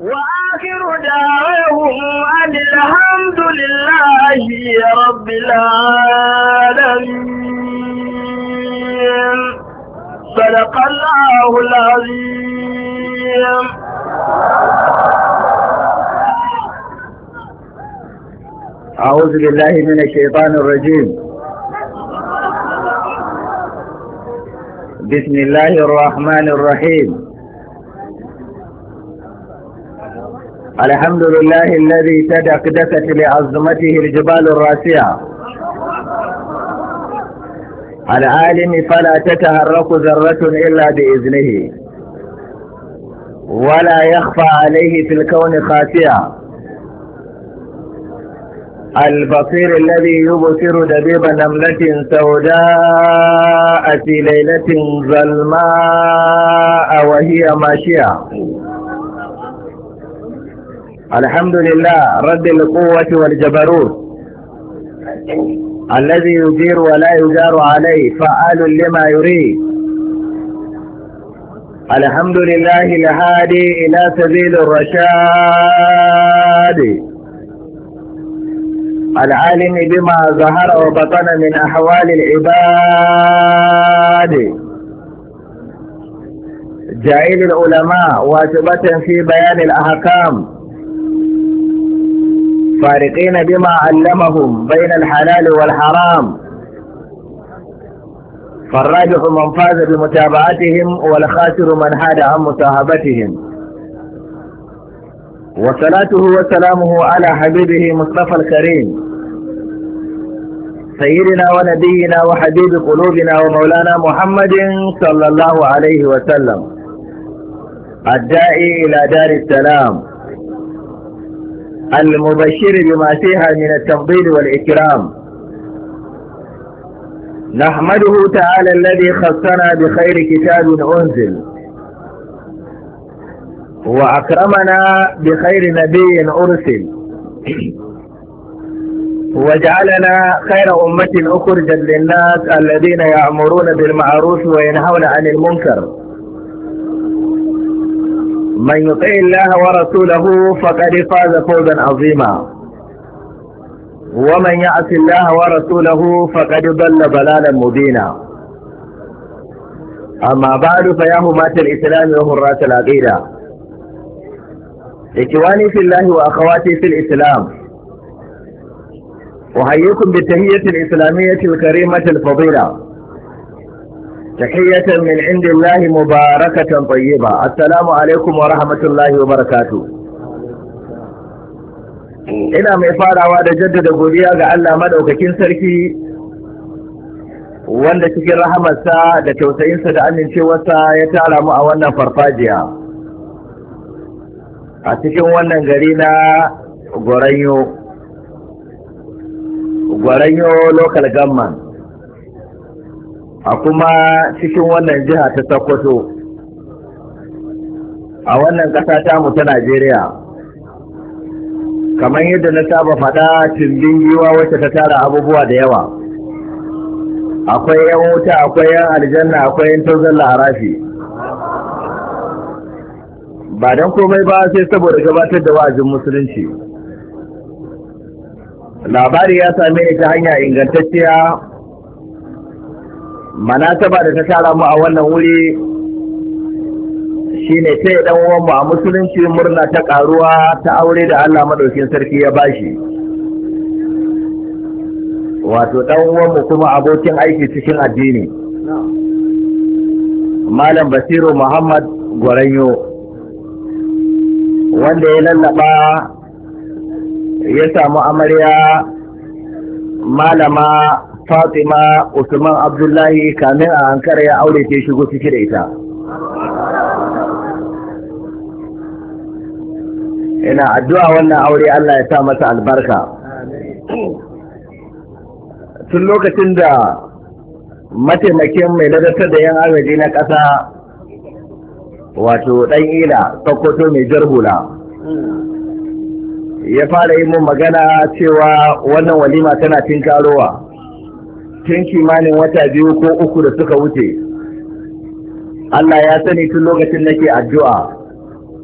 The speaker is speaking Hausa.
وآخر دعوهم أن الحمد لله رب العالمين صدق الله العظيم أعوذ بالله من الشيطان الرجيم بسم الله الرحمن الرحيم الحمد لله الذي تدكدكت لعظمته الجبال الراسعة العالم فلا تتهرك ذرة إلا بإذنه ولا يخفى عليه في الكون خاسئة البصير الذي يبصر دبيب نملة سوداء في ليلة ظلماء وهي ماشية الحمد لله رد القوة والجبروت الذي يجير ولا يجار عليه فعال لما يريد الحمد لله الهادي إلى سبيل الرشاد العالم بما ظهر وبطن من أحوال العباد جعيل العلماء واجبة في بيان الأحكام فارقين بما علمهم بين الحلال والحرام فالراجح من فاز بمتابعتهم والخاسر من حاد عن مصاحبتهم وصلاته وسلامه على حبيبه مصطفى الكريم سيدنا ونبينا وحبيب قلوبنا ومولانا محمد صلى الله عليه وسلم الداعي إلى دار السلام المبشر بما فيها من التفضيل والإكرام نحمده تعالى الذي خصنا بخير كتاب أنزل وأكرمنا بخير نبي أرسل وجعلنا خير أمة أخرجا للناس الذين يأمرون بالمعروف وينهون عن المنكر من يطع الله ورسوله فقد فاز فوزا عظيما ومن يعص الله ورسوله فقد ضل ضلالا مبينا أما بعد فيا همات الإسلام وهرات العقيدة إخواني في الله وأخواتي في الإسلام أحييكم بالتهية الإسلامية الكريمة الفضيلة تحية من عند الله مباركة assalamu alaikum wa rahmatullahi wa وبركاته ina mai farawa da jaddada godiya ga Allah madaukakin sarki wanda cikin rahamarsa da tausayinsa da amincewarsa ya tara mu a wannan farfajiya a cikin wannan gari na gwaranyo gwaranyo local government a kuma cikin wannan jiha ta Sokoto a wannan ƙasa mu ta Najeriya kamar yadda na saba faɗa cimbin giwa wacce ta tara abubuwa da yawa akwai yan wuta akwai yan aljanna akwai yan tauzon laharafi ba don komai ba sai saboda gabatar da wa'azin musulunci labari ya same ni ta hanya ingantacciya manasaba da ta tara mu a wannan wuri shine sai ɗan uwan a musulunci murna ta ƙaruwa ta aure da Allah madaukin sarki ya ba shi, wato ɗan uwan mu kuma abokin aiki cikin addini malam basiru muhammad gwaranyo wanda ya lallaba ya samu amarya malama fatima usman abdullahi kamin a hankara ya aure ta shigo ciki da ita ina addu'a wannan aure allah ya sa masa albarka tun lokacin da mataimakin mai ladatar da yan agaji na ƙasa wato ɗan ila sokoto mai jarhula ya fara yi mun magana cewa wannan walima tana cin karowa tun kimanin wata biyu ko uku da suka wuce Allah ya sani tun lokacin nake addu'a